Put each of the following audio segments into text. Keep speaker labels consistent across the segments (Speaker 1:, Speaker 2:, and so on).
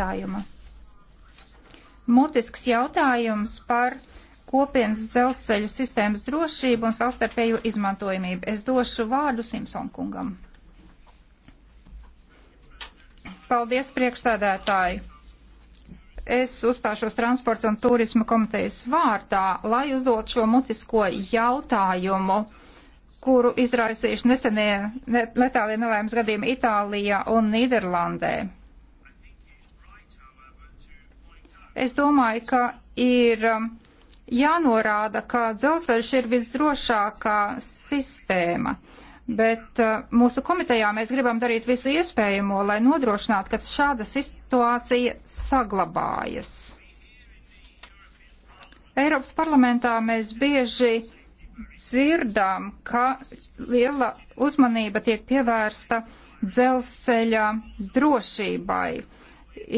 Speaker 1: jautājumu. Mutisks jautājums par kopienas dzelzceļu sistēmas drošību un savstarpējo izmantojamību. Es došu vārdu Simpsonkungam. Paldies, priekšstādētāji! Es uzstāšos transporta un turisma komitejas vārtā, lai uzdot šo mutisko jautājumu, kuru izraisījuši nesenie letālie nelēmas gadījumi Itālijā un Nīderlandē. es domāju, ka ir um, jānorāda, ka dzelzceļš ir visdrošākā sistēma. Bet uh, mūsu komitejā mēs gribam darīt visu iespējamo, lai nodrošinātu, ka šāda situācija saglabājas. Eiropas parlamentā mēs bieži dzirdām, ka liela uzmanība tiek pievērsta dzelzceļa drošībai.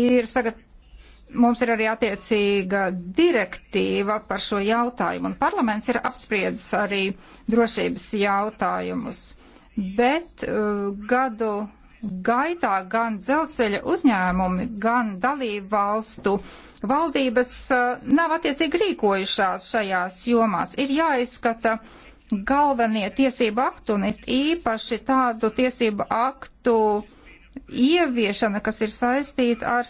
Speaker 1: Ir sagat mums ir arī attiecīga direktīva par šo jautājumu, un parlaments ir apspriedis arī drošības jautājumus. Bet uh, gadu gaitā gan dzelzceļa uzņēmumi, gan dalību valstu valdības uh, nav attiecīgi rīkojušās šajās jomās. Ir jāizskata galvenie tiesību aktu un ir īpaši tādu tiesību aktu ieviešana, kas ir saistīta ar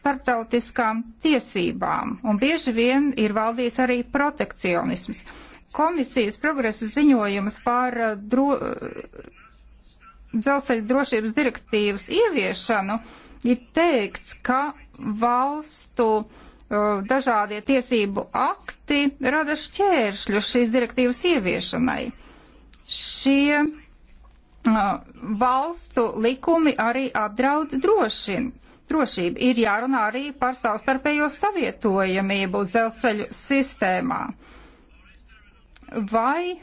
Speaker 1: starptautiskām tiesībām, un bieži vien ir valdījis arī protekcionisms. Komisijas progresa ziņojums par eh, dro dzelzceļa drošības direktīvas ieviešanu ir teikts, ka valstu uh, dažādie tiesību akti rada šķēršļus šīs direktīvas ieviešanai. Šie uh, valstu likumi arī apdraud drošinu drošību. Ir jārunā arī par savstarpējo savietojamību dzelzceļu sistēmā. Vai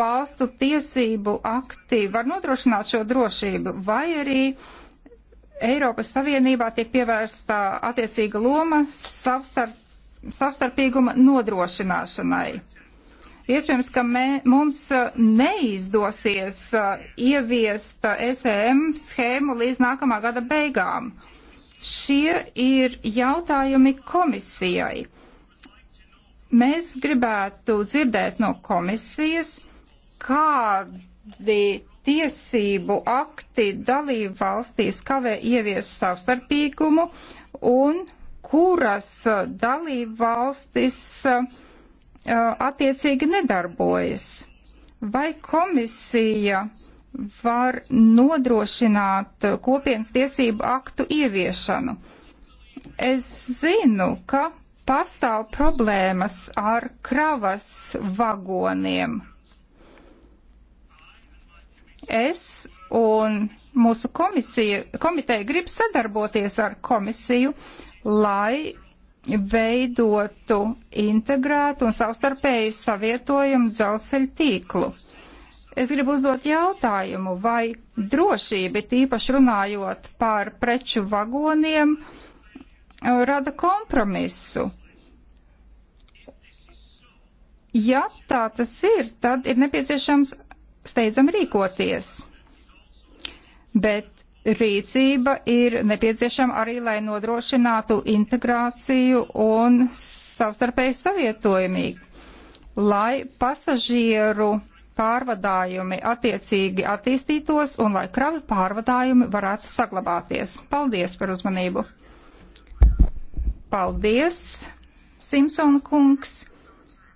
Speaker 1: valstu tiesību akti var nodrošināt šo drošību, vai arī Eiropas Savienībā tiek pievērsta attiecīga loma savstarp, savstarpīguma nodrošināšanai. Iespējams, ka mē, mums uh, neizdosies uh, ieviest uh, SEM schēmu līdz nākamā gada beigām. Uh, Šie ir jautājumi komisijai. Mēs gribētu dzirdēt no komisijas, kādi tiesību akti dalību valstīs kavē ievies savstarpīgumu un kuras dalību valstis attiecīgi nedarbojas. Vai komisija uh, var nodrošināt kopienas tiesību aktu ieviešanu. Es zinu, ka pastāv problēmas ar kravas vagoniem. Es un mūsu komisija, komiteja grib sadarboties ar komisiju, lai veidotu integrētu un savstarpēji savietojumu dzelzceļu tīklu. Es gribu uzdot jautājumu, vai drošība, tīpaši runājot par preču vagoniem, rada kompromisu. Ja tā tas ir, tad ir nepieciešams steidzam rīkoties. Bet rīcība ir nepieciešama arī, lai nodrošinātu integrāciju un savstarpēju savietojumību, lai pasažieru pārvadājumi attiecīgi attīstītos un lai kravi pārvadājumi varētu saglabāties. Paldies par uzmanību! Paldies, Simpsona kungs!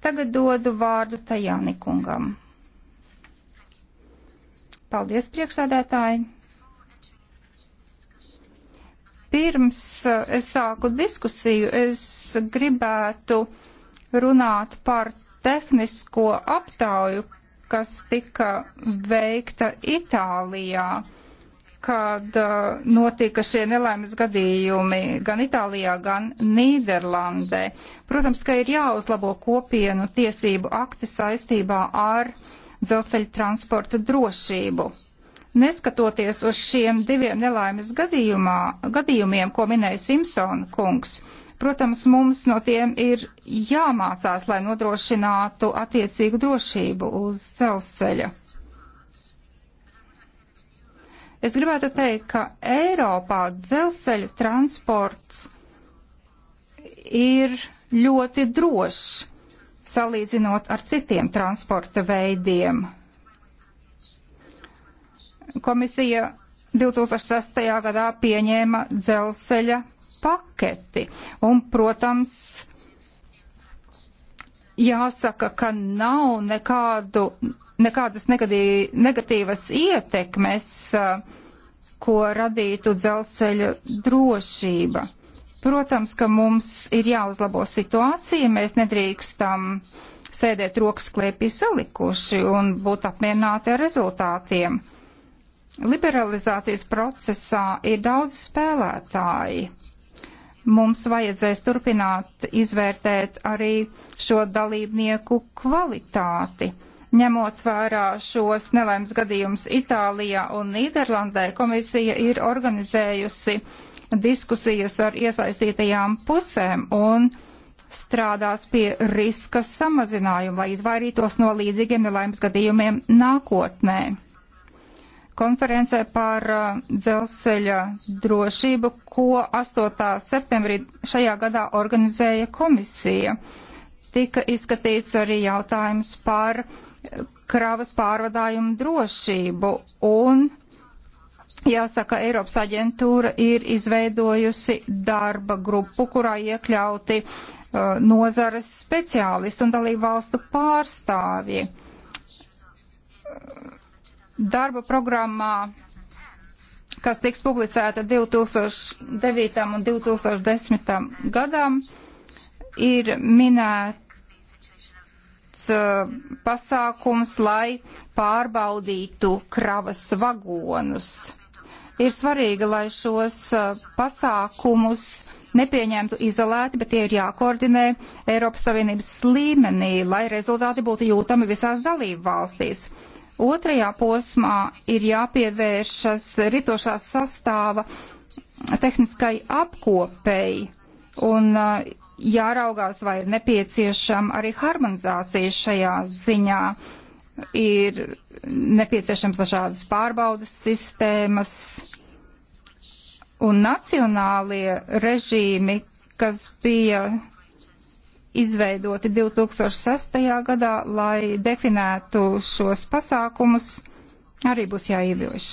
Speaker 1: Tagad dodu vārdu Tajāni kungam. Paldies, priekšsēdētāji! Pirms eh, es sāku diskusiju, es gribētu runāt par tehnisko aptauju, kas tika veikta Itālijā kad uh, notika šie nelaimes gadījumi gan Itālijā, gan Nīderlandē. Protams, ka ir jāuzlabo kopienu tiesību akti saistībā ar dzelzceļa transporta drošību. Neskatoties uz šiem diviem nelaimes gadījumā, gadījumiem, ko minēja Simpsona kungs, uh, Protams, mums no tiem ir jāmācās, lai nodrošinātu attiecīgu drošību uz celsceļa. Es gribētu teikt, ka Eiropā dzelzceļa transports ir ļoti drošs salīdzinot ar citiem transporta veidiem. Komisija 2006. gadā pieņēma dzelzceļa paketi. Un, protams, jāsaka, ka nav nekādu, nekādas negadī, negatīvas ietekmes, uh, ko radītu dzelzceļa drošība. Protams, ka mums ir jāuzlabo situācija, mēs nedrīkstam sēdēt rokas klēpī salikuši un būt apmierināti ar rezultātiem. Liberalizācijas procesā ir daudz spēlētāji mums vajadzēs turpināt izvērtēt arī šo dalībnieku kvalitāti. Ņemot vērā šos nelaimes gadījumus Itālijā un Nīderlandē, komisija ir organizējusi diskusijas ar iesaistītajām pusēm un strādās pie riska samazinājuma, lai izvairītos no līdzīgiem nelaimes gadījumiem nākotnē konferencē par uh, dzelzceļa drošību, ko 8. septembrī šajā gadā organizēja komisija. Tika izskatīts arī jautājums par kravas pārvadājumu drošību un Jāsaka, Eiropas aģentūra ir izveidojusi darba grupu, kurā iekļauti uh, nozares speciālisti un dalību valstu pārstāvji. Uh, darba programmā, kas tiks publicēta 2009. un 2010. gadam, ir minēts uh, pasākums, lai pārbaudītu kravas vagonus. Ir svarīgi, lai šos uh, pasākumus nepieņemtu izolēti, bet tie ir jākoordinē Eiropas Savienības līmenī, lai rezultāti būtu jūtami visās dalību valstīs. Otrajā posmā ir jāpievēršas ritošā sastāva tehniskai apkopēji un uh, jāraugās, vai ir nepieciešama arī harmonizācija šajā ziņā. Ir nepieciešams dažādas pārbaudas sistēmas un nacionālie režīmi, kas bija izveidoti 2006. gadā, lai definētu šos pasākumus, arī būs jāievieš.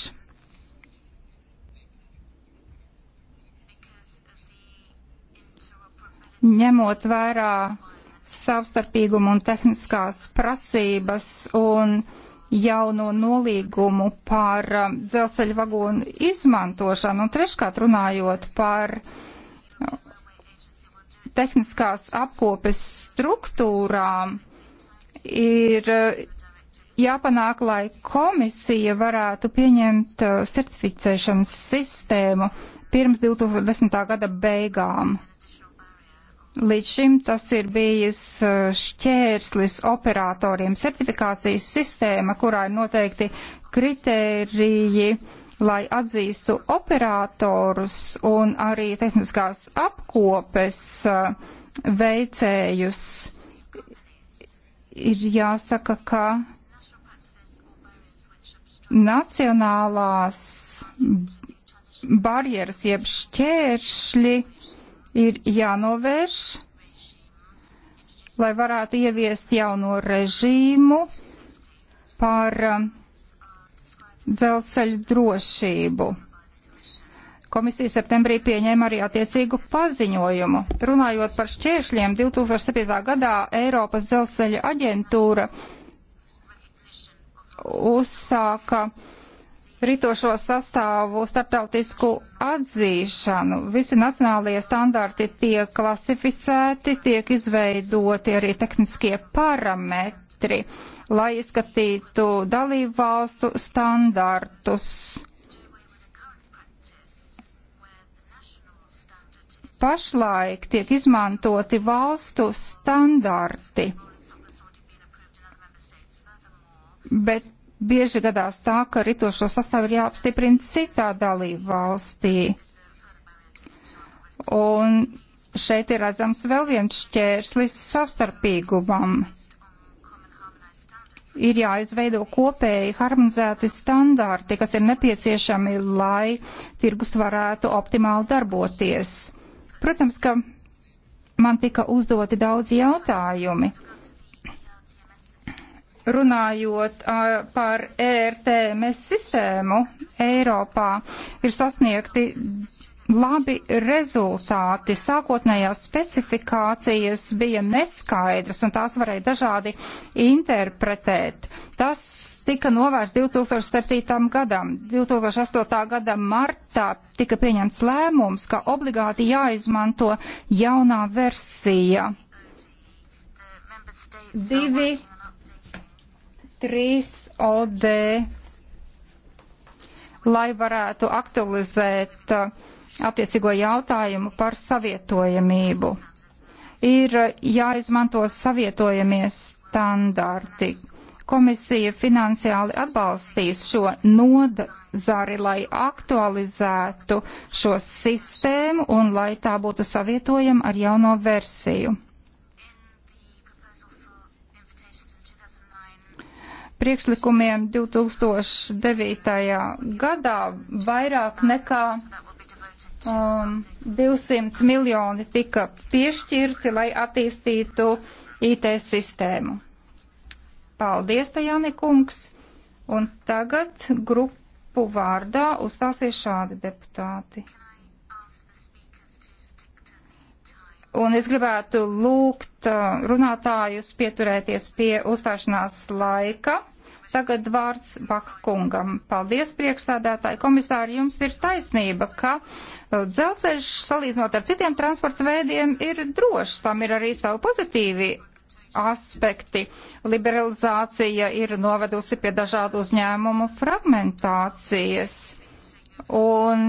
Speaker 1: Ņemot vērā savstarpīgumu un tehniskās prasības un jauno nolīgumu par um, dzelzceļa vagonu izmantošanu un treškārt runājot par tehniskās apkopes struktūrām ir eh, jāpanāk, lai komisija varētu pieņemt eh, certificēšanas sistēmu pirms 2010. gada beigām. Līdz šim tas ir bijis eh, šķērslis operatoriem. Certifikācijas sistēma, kurā ir noteikti kritēriji lai atzīstu operatorus un arī tehniskās apkopes uh, veicējus, ir jāsaka, ka nacionālās barjeras jeb šķēršļi ir jānovērš, lai varētu ieviest jauno režīmu par um, dzelzceļu drošību. Komisija septembrī pieņēma arī attiecīgu paziņojumu. Runājot par šķēršļiem, 2007. gadā Eiropas dzelzceļa aģentūra uzsāka ritošo sastāvu starptautisku atzīšanu. Visi nacionālajie standarti tiek klasificēti, tiek izveidoti arī tehniskie parametri ministri, lai izskatītu dalību valstu standartus. Pašlaik tiek izmantoti valstu standarti, bet bieži gadās tā, ka ritošo sastāvu ir jāapstiprina citā dalību valstī. Un šeit ir redzams vēl viens šķērslis savstarpīgumam ir jāizveido kopēji harmonizēti standarti, kas ir nepieciešami, lai tirgus varētu optimāli darboties. Protams, ka man tika uzdoti daudzi jautājumi. Runājot uh, par ERTMS sistēmu, Eiropā ir sasniegti labi rezultāti. Sākotnējās specifikācijas bija neskaidras un tās varēja dažādi interpretēt. Tas tika novērsts 2007. gadam. 2008. gada martā tika pieņemts lēmums, ka obligāti jāizmanto jaunā versija.
Speaker 2: Divi,
Speaker 1: trīs OD, lai varētu aktualizēt uh, attiecīgo jautājumu par savietojamību. Ir jāizmanto savietojamie standarti. Komisija finansiāli atbalstīs šo nodazari, lai aktualizētu šo sistēmu un lai tā būtu savietojama ar jauno versiju. Priekšlikumiem 2009. gadā vairāk nekā un 200 miljoni tika piešķirti, lai attīstītu IT sistēmu. Paldies, Tajani kungs! Un tagad grupu vārdā uzstāsies šādi deputāti. Un es gribētu lūgt uh, runātājus pieturēties pie uzstāšanās laika. Tagad vārds Bakkungam. Paldies, priekšstādātāji. Komisāri, jums ir taisnība, ka uh, dzelzceļš salīdzinot ar citiem transporta veidiem ir drošs. Tam ir arī savi pozitīvi aspekti. Liberalizācija ir novedusi pie dažādu uzņēmumu fragmentācijas un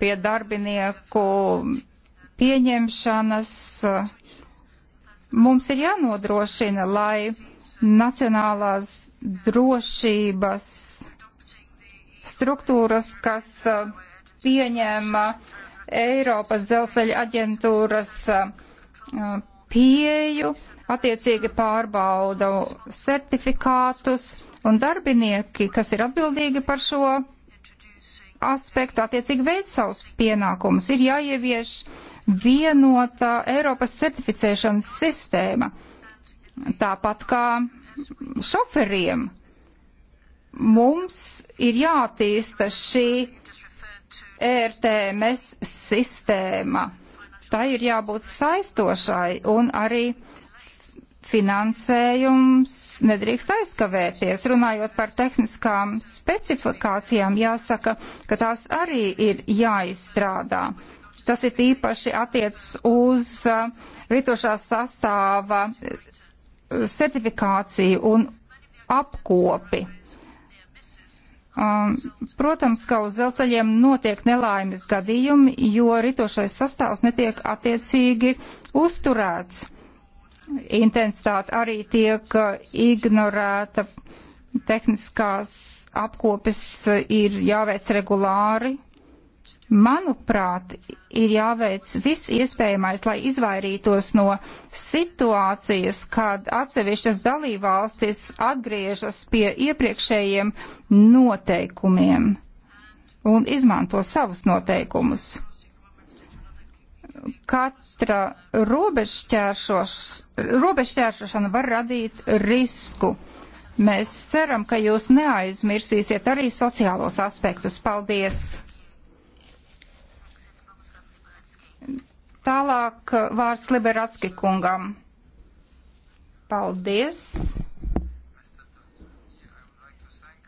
Speaker 1: pie darbinieku pieņemšanas. Uh, Mums ir jānodrošina, lai nacionālās drošības struktūras, kas uh, pieņēma uh, Eiropas dzelzceļa aģentūras uh, pieju, attiecīgi pārbauda certifikātus un darbinieki, kas ir atbildīgi par šo aspektu attiecīgi veic savus pienākumus. Ir jāievieš vienota Eiropas certificēšanas sistēma, tāpat kā šoferiem. Mums ir jātīsta šī ERTMS sistēma. Tā ir jābūt saistošai un arī uh, finansējums nedrīkst aizkavēties. Runājot par tehniskām specifikācijām, jāsaka, ka tās arī ir jāizstrādā. Tas ir īpaši attiecas uz uh, ritošā sastāva uh, certifikāciju un apkopi. Um, protams, ka uz dzelceļiem notiek nelaimes gadījumi, jo ritošais sastāvs netiek attiecīgi uzturēts intensitāte arī tiek ignorēta. Tehniskās apkopes ir jāveic regulāri. Manuprāt, ir jāveic viss iespējamais, lai izvairītos no situācijas, kad atsevišķas dalībvalstis atgriežas pie iepriekšējiem noteikumiem un izmanto savus noteikumus katra robežķēršana var radīt risku. Mēs ceram, ka jūs neaizmirsīsiet arī sociālos aspektus. Paldies! Tālāk vārds Liberatski kungam. Paldies!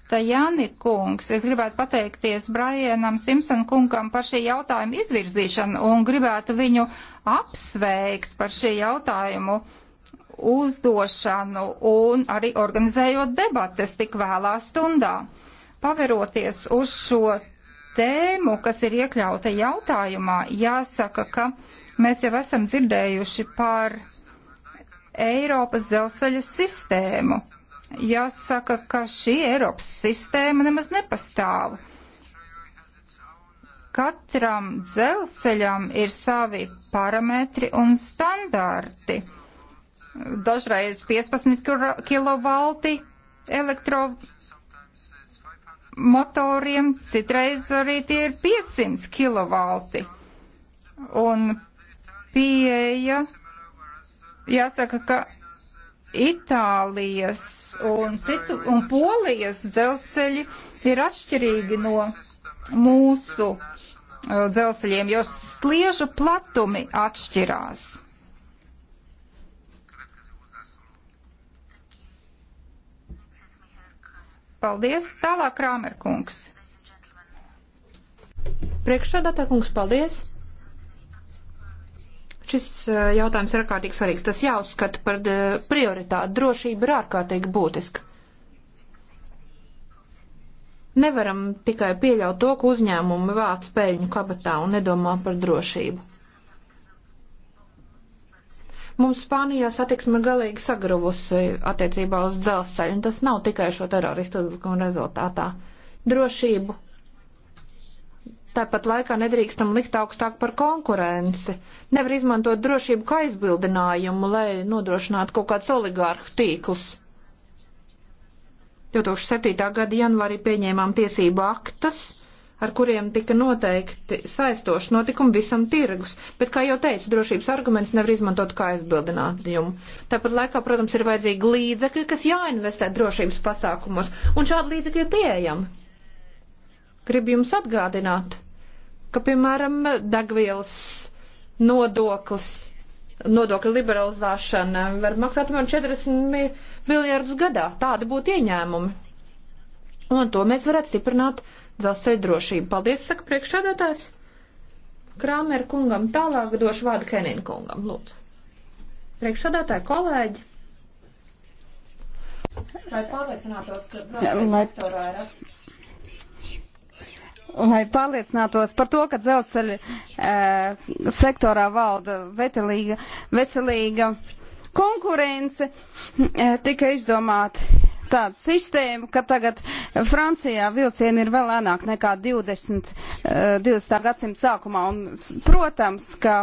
Speaker 1: Tajani kungs, es gribētu pateikties Brianam Simpson kungam par šī jautājuma izvirzīšanu un gribētu viņu apsveikt par šī jautājumu uzdošanu un arī organizējot debates tik vēlā stundā. Paveroties uz šo tēmu, kas ir iekļauta jautājumā, jāsaka, ka mēs jau esam dzirdējuši par Eiropas dzelzceļa sistēmu Jāsaka, ka šī Eiropas sistēma nemaz nepastāv. Katram dzelzceļam ir savi parametri un standarti. Dažreiz 15 kilovalti elektromotoriem, citreiz arī tie ir 500 kilovalti. Un pieeja, jāsaka, ka Itālijas un, citu, un Polijas dzelzceļi ir atšķirīgi no mūsu uh, dzelzceļiem, jo sliežu platumi atšķirās. Paldies, tālāk Krāmerkungs. Priekšsādātā kungs, paldies.
Speaker 3: Šis eh, jautājums ir ārkārtīgi svarīgs. Tas jāuzskata par eh, prioritāti. Drošība ir ārkārtīgi būtiska. Nevaram tikai pieļaut to, ka uzņēmumi vāc peļņu kabatā un nedomā par drošību. Mums Spānijā satiksme galīgi sagravusi attiecībā uz dzelzceļu, un tas nav tikai šo teroristu uzbrukumu rezultātā. Drošību Tāpat laikā nedrīkstam likt augstāk par konkurenci. Nevar izmantot drošību kā aizbildinājumu, lai nodrošinātu kaut kāds oligārhu tīklus. 2007. gada janvārī pieņēmām tiesību aktus, ar kuriem tika noteikti saistoši notikumi visam tirgus, bet, kā jau teicu, drošības arguments nevar izmantot kā aizbildinājumu. Tāpat laikā, protams, ir vajadzīgi līdzekļi, kas jāinvestē drošības pasākumos, un šādi līdzekļi ir pieejami. Gribu jums atgādināt, ka, piemēram, degvielas nodoklis, nodokļa liberalizēšana var maksāt man 40 miljardus gadā. Tādi būtu ieņēmumi. Un to mēs varētu stiprināt dzelzceļa drošību. Paldies, saka priekšādātājs. Krāmer kungam tālāk došu vārdu Kenin kungam, lūdzu. Priekšādātāji, kolēģi. Lai pārliecinātos, ka dzelzceļa sektorā ir
Speaker 2: lai pārliecinātos par to, ka dzelzceļa e, sektorā valda vetelīga, veselīga konkurence, e, tika izdomāta tāda sistēma, ka tagad Francijā vilcieni ir vēl lēnāk nekā 20, e, 20. gadsimta sākumā, un, protams, ka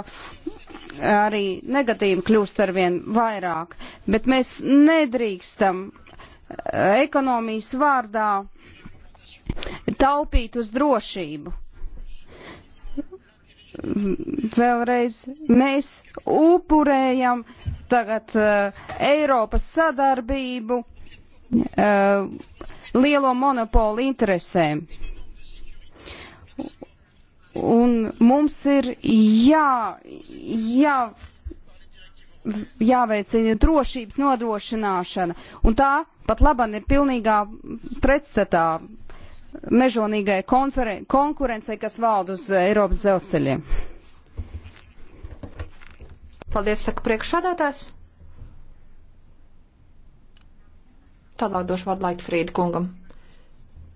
Speaker 2: arī negadījumi kļūst arvien vairāk, bet mēs nedrīkstam e, ekonomijas vārdā taupīt uz drošību. Vēlreiz mēs upurējam tagad uh, Eiropas sadarbību uh, lielo monopolu interesēm. Un mums ir jā, jā, jāveicina drošības nodrošināšana, un tā pat laban ir pilnīgā pretstatā mežonīgai konkurencei, kas valda uz Eiropas dzelzceļiem. Paldies, saka priekšsādātājs.
Speaker 3: Tālāk došu vārdu Laitfrīda kungam.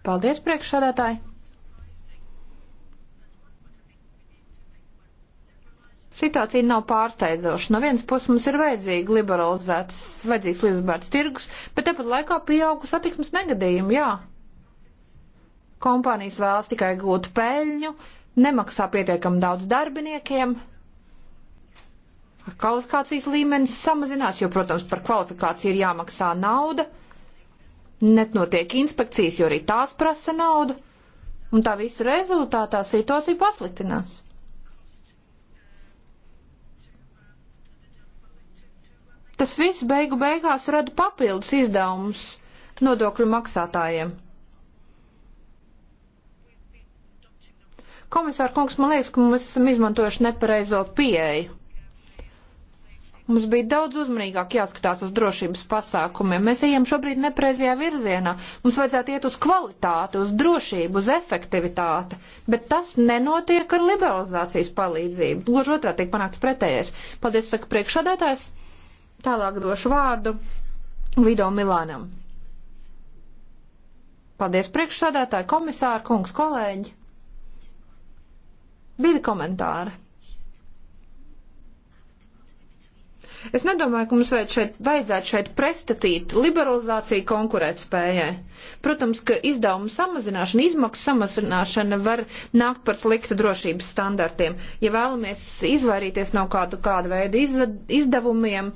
Speaker 3: Paldies, priekšsādātāji! Situācija nav pārsteidzoša. No vienas puses mums ir vajadzīga liberalizēts, vajadzīgs liberalizēts tirgus, bet tepat laikā pieauga satiksmes negadījumi, jā. Kompānijas vēlas tikai gūt peļņu, nemaksā pietiekam daudz darbiniekiem. Kvalifikācijas līmenis samazinās, jo, protams, par kvalifikāciju ir jāmaksā nauda. Net notiek inspekcijas, jo arī tās prasa naudu. Un tā visa rezultātā situācija pasliktinās. Tas viss beigu beigās rada papildus izdevumus nodokļu maksātājiem. Komisāra kungs, man liekas, ka mēs esam izmantojuši nepareizo pieeju. Mums bija daudz uzmanīgāk jāskatās uz drošības pasākumiem. Mēs ejam šobrīd nepreizajā virzienā. Mums vajadzētu iet uz kvalitāti, uz drošību, uz efektivitāti. Bet tas nenotiek ar liberalizācijas palīdzību. Gluži otrā tiek panākts pretējais. Paldies, saka priekšādātājs. Tālāk došu vārdu Vido Milānam. Paldies priekšsādātāji, komisāri, kungs, kolēģi. Divi komentāri. Es nedomāju, ka mums vajad šeit, vajadzētu šeit prestatīt liberalizāciju konkurētspējai. Protams, ka izdevumu samazināšana, izmaksu samazināšana var nākt par sliktu drošības standartiem. Ja vēlamies izvairīties no kādu, kādu veidu izved, izdevumiem,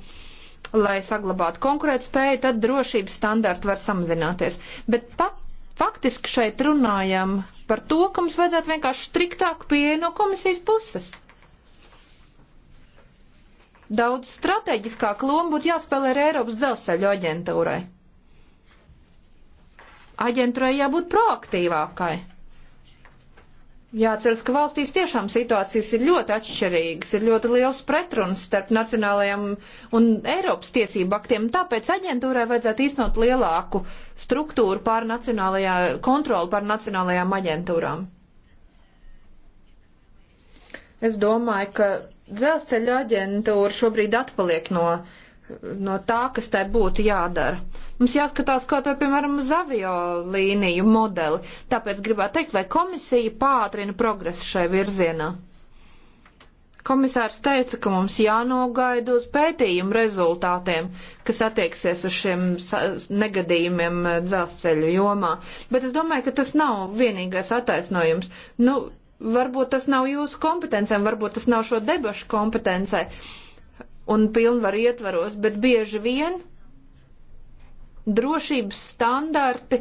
Speaker 3: lai saglabātu konkurētspēju, tad drošības standarti var samazināties. Bet pat Faktiski šeit runājam par to, ka mums vajadzētu vienkārši striktāku pieeju no komisijas puses. Daudz strateģiskāk loma būtu jāspēlē ar Eiropas dzelzceļu aģentūrai. Aģentūrai jābūt proaktīvākai Jāatceras, ka valstīs tiešām situācijas ir ļoti atšķirīgas, ir ļoti liels pretruns starp nacionālajiem un Eiropas tiesību aktiem, tāpēc aģentūrai vajadzētu iznot lielāku struktūru pār nacionālajā, kontroli pār nacionālajām aģentūrām. Es domāju, ka dzelzceļa aģentūra šobrīd atpaliek no, no tā, kas tai būtu jādara. Mums jāskatās kaut vai, piemēram, uz avio līniju modeli. Tāpēc gribētu teikt, lai komisija pātrina progresu šai virzienā. Komisārs teica, ka mums jānogaida uz pētījumu rezultātiem, kas attieksies uz šiem negadījumiem eh, dzelzceļu jomā. Bet es domāju, ka tas nav vienīgais attaisnojums. Nu, varbūt tas nav jūsu kompetencēm, varbūt tas nav šo debašu kompetencē un pilnvaru ietvaros, bet bieži vien drošības standarti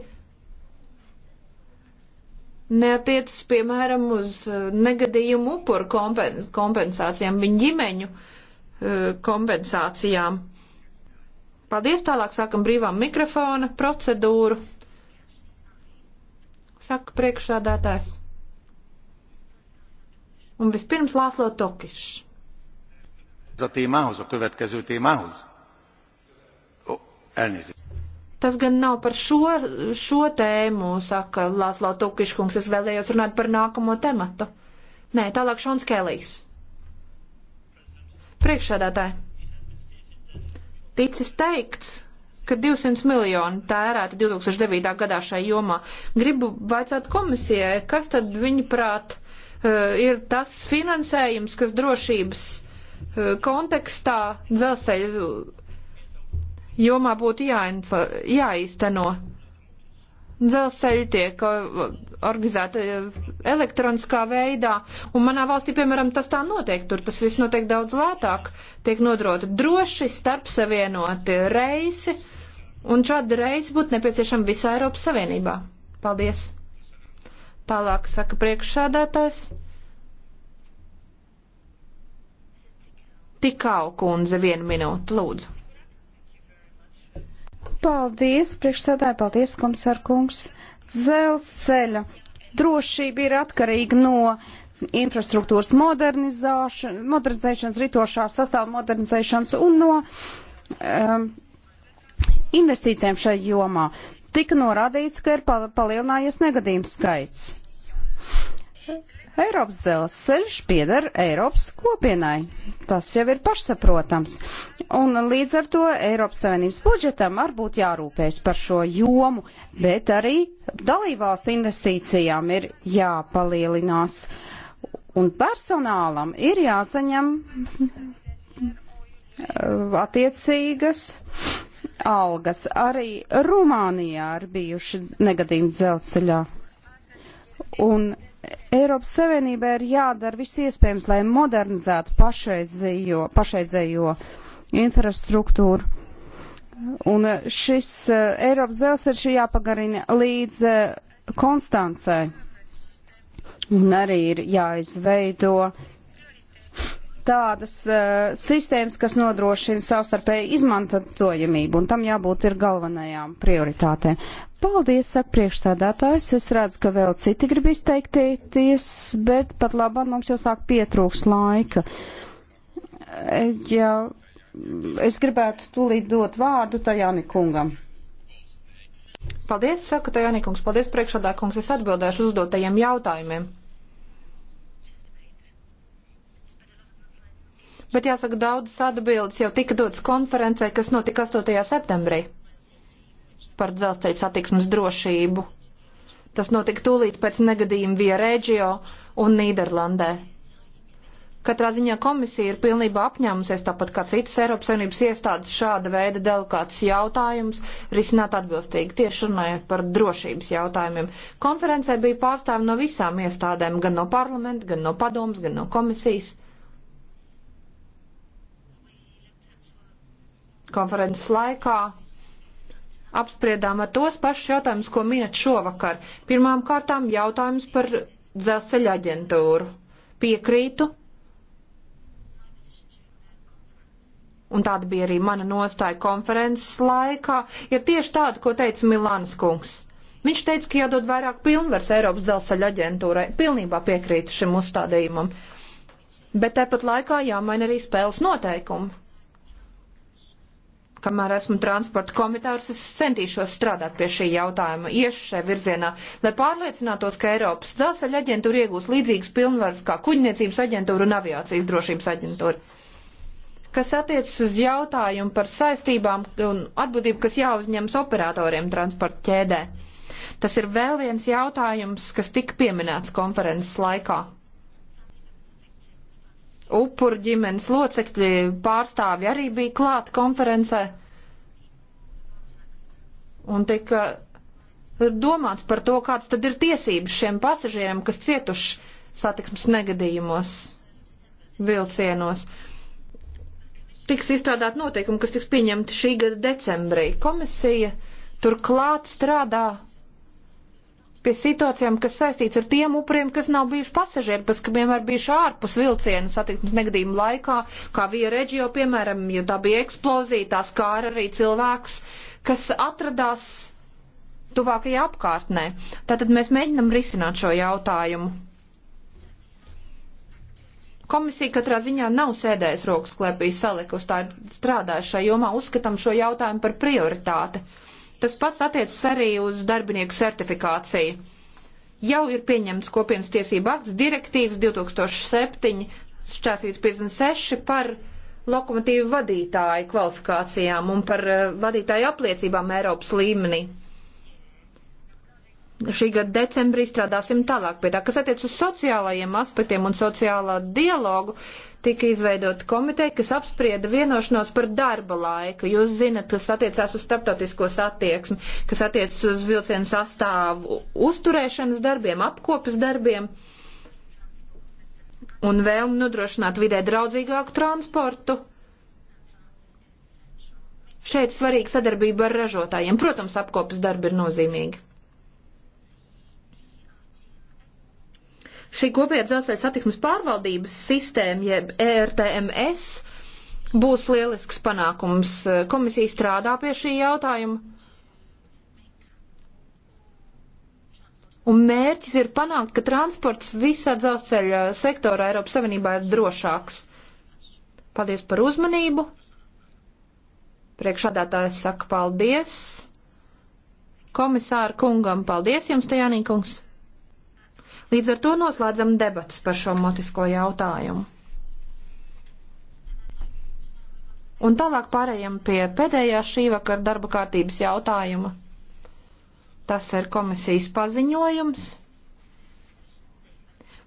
Speaker 3: neatiecas, piemēram, uz uh, negadījumu upuru kompensācijām, viņu ģimeņu uh, kompensācijām. Paldies, tālāk sākam brīvā mikrofona procedūru. Saka priekšsādātājs. Un vispirms László Tokišs. A témához, a következő témához. Elnézést. Tas gan nav par šo, šo tēmu, saka Lāslo Tukiškungs, es vēlējos runāt par nākamo tematu. Nē, tālāk Šons Kēlīgs. Priekšsēdētāji. Ticis teikts, ka 200 miljoni tērēti 2009. gadā šai jomā. Gribu vaicāt komisijai, kas tad viņa prāt eh, ir tas finansējums, kas drošības eh, kontekstā dzelzceļu jomā būtu jāinfo, jāīsteno. Dzelzceļi tiek uh, organizēti uh, elektroniskā veidā, un manā valstī, piemēram, tas tā notiek, tur tas viss notiek daudz lētāk, tiek nodrota droši starp savienoti reisi, un šādi reisi būtu nepieciešami visā Eiropas Savienībā. Paldies! Tālāk saka priekšsādātājs. Tikau kundze vienu minūtu, lūdzu.
Speaker 2: Paldies, priekšsēdāji, paldies, komisār kungs. Dzelzceļa drošība ir atkarīga no infrastruktūras modernizēšanas, ritošā sastāva modernizēšanas un no um, investīcijiem šai jomā. Tika norādīts, ka ir palielinājies negadījums skaits. Eiropas dzelzceļš pieder Eiropas kopienai. Tas jau ir pašsaprotams. Un līdz ar to Eiropas Savienības budžetam var būt jārūpējas par šo jomu, bet arī dalībvalstu investīcijām ir jāpalielinās. Un personālam ir jāsaņem eh, attiecīgas algas. Arī Rumānijā ir bijuši negadījumi dzelzceļā. Un Eiropas Savienībai ir jādara viss iespējams, lai modernizētu pašreizējo, pašreizējo infrastruktūru. Un eh, šis eh, Eiropas dzelzceļš ir jāpagarina līdz eh, Konstancai. Un arī ir jāizveido tādas uh, sistēmas, kas nodrošina savstarpēju izmantojamību, un tam jābūt ir galvenajām prioritātēm. Paldies, saka priekšsādātājs. Es redzu, ka vēl citi grib izteikties, bet pat labāk mums jau sāk pietrūks laika. Eh, ja es gribētu tūlīt dot vārdu Tajāni kungam.
Speaker 3: Paldies, saka Tajāni kungs. Paldies, priekšsādātājs kungs. Es atbildēšu uzdotajiem jautājumiem. Bet jāsaka, daudzas atbildes jau tika dotas konferencē, kas notika 8. septembrī par dzelzceļa satiksmes drošību. Tas notika tūlīt pēc negadījuma Vierēģio un Nīderlandē. Katrā ziņā komisija ir pilnībā apņēmusies, tāpat kā citas Eiropas Savienības iestādes, šāda veida delikātus jautājumus risināt atbilstīgi, tieši runājot par drošības jautājumiem. Konferencē bija pārstāvi no visām iestādēm, gan no parlamenta, gan no padomas, gan no komisijas. Konferences laikā apspriedām ar tos pašus jautājumus, ko minat šovakar. Pirmām kārtām jautājums par dzelzceļa aģentūru. Piekrītu. Un tāda bija arī mana nostāja konferences laikā. Ir tieši tāda, ko teica Milāns kungs. Viņš teica, ka jādod vairāk pilnvars Eiropas dzelzceļa aģentūrai. Pilnībā piekrītu šim uzstādījumam. Bet tepat laikā jāmaina arī spēles noteikumi. Kamēr esmu transporta komitārs, es centīšos strādāt pie šī jautājuma, iešu šai virzienā, lai pārliecinātos, ka Eiropas dzelzceļa aģentūra iegūs līdzīgas pilnvaras kā kuģniecības aģentūra un aviācijas drošības aģentūra. Kas attiecas uz jautājumu par saistībām un atbildību, kas jāuzņems operatoriem transporta ķēdē. Tas ir vēl viens jautājums, kas tika pieminēts konferences laikā upuru ģimenes locekļi pārstāvi arī bija klāt konferencē. Un tika domāts par to, kāds tad ir tiesības šiem pasažieriem, kas cietuši satiksmes negadījumos, vilcienos. Tiks izstrādāt noteikumi, kas tiks pieņemti šī gada decembrī. Komisija turklāt strādā pie situācijām, kas saistīts ar tiem upuriem, kas nav bijuši pasažieri, pēc, ka vienmēr bijuši ārpus vilciena satiksmes negadījuma laikā, kā vija reģio, piemēram, jo tā bija eksplozija, tā skāra arī cilvēkus, kas atradās tuvākajā apkārtnē. Tātad mēs mēģinam risināt šo jautājumu. Komisija katrā ziņā nav sēdējusi rokas klēpī salikusi, tā ir strādājusi šajā jomā, uzskatām šo jautājumu par prioritāti. Tas pats attiecas arī uz darbinieku certifikāciju. Jau ir pieņemts kopienas tiesība akts direktīvas 2007 šķērsvīts 56 par lokomotīvu vadītāju kvalifikācijām un par eh, vadītāju apliecībām Eiropas līmenī. Šī gada decembrī strādāsim tālāk pie tā, kas attiec uz sociālajiem aspektiem un sociālā dialogu. Uh, tika izveidota komiteja, kas apsprieda vienošanos par darba laiku. Jūs zinat, kas attiecās uz starptautisko satieksmi, kas attiecas uz vilcienu sastāvu uzturēšanas darbiem, apkopes darbiem un vēlmi nodrošināt vidē draudzīgāku transportu. Šeit svarīga sadarbība ar ražotājiem. Protams, apkopes darbi ir nozīmīgi. Šī kopējā dzelzceļa satiksmes pārvaldības sistēma, jeb ERTMS, būs lielisks panākums. Komisija strādā pie šī jautājuma. Un mērķis ir panākt, ka transports visā dzelzceļa sektorā Eiropas Savienībā ir drošāks. Paldies par uzmanību. Priekšādātājs saka paldies. Komisāra kungam paldies jums, Tajānī kungs. Līdz ar to noslēdzam debatas par šo motisko jautājumu. Un tālāk pārējām pie pēdējā šī vakara darba kārtības jautājuma. Tas ir komisijas paziņojums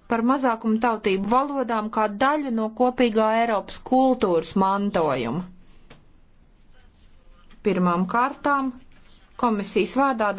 Speaker 3: par mazākumu tautību valodām kā daļu no kopīgā Eiropas kultūras mantojuma. Pirmām kārtām komisijas vārdā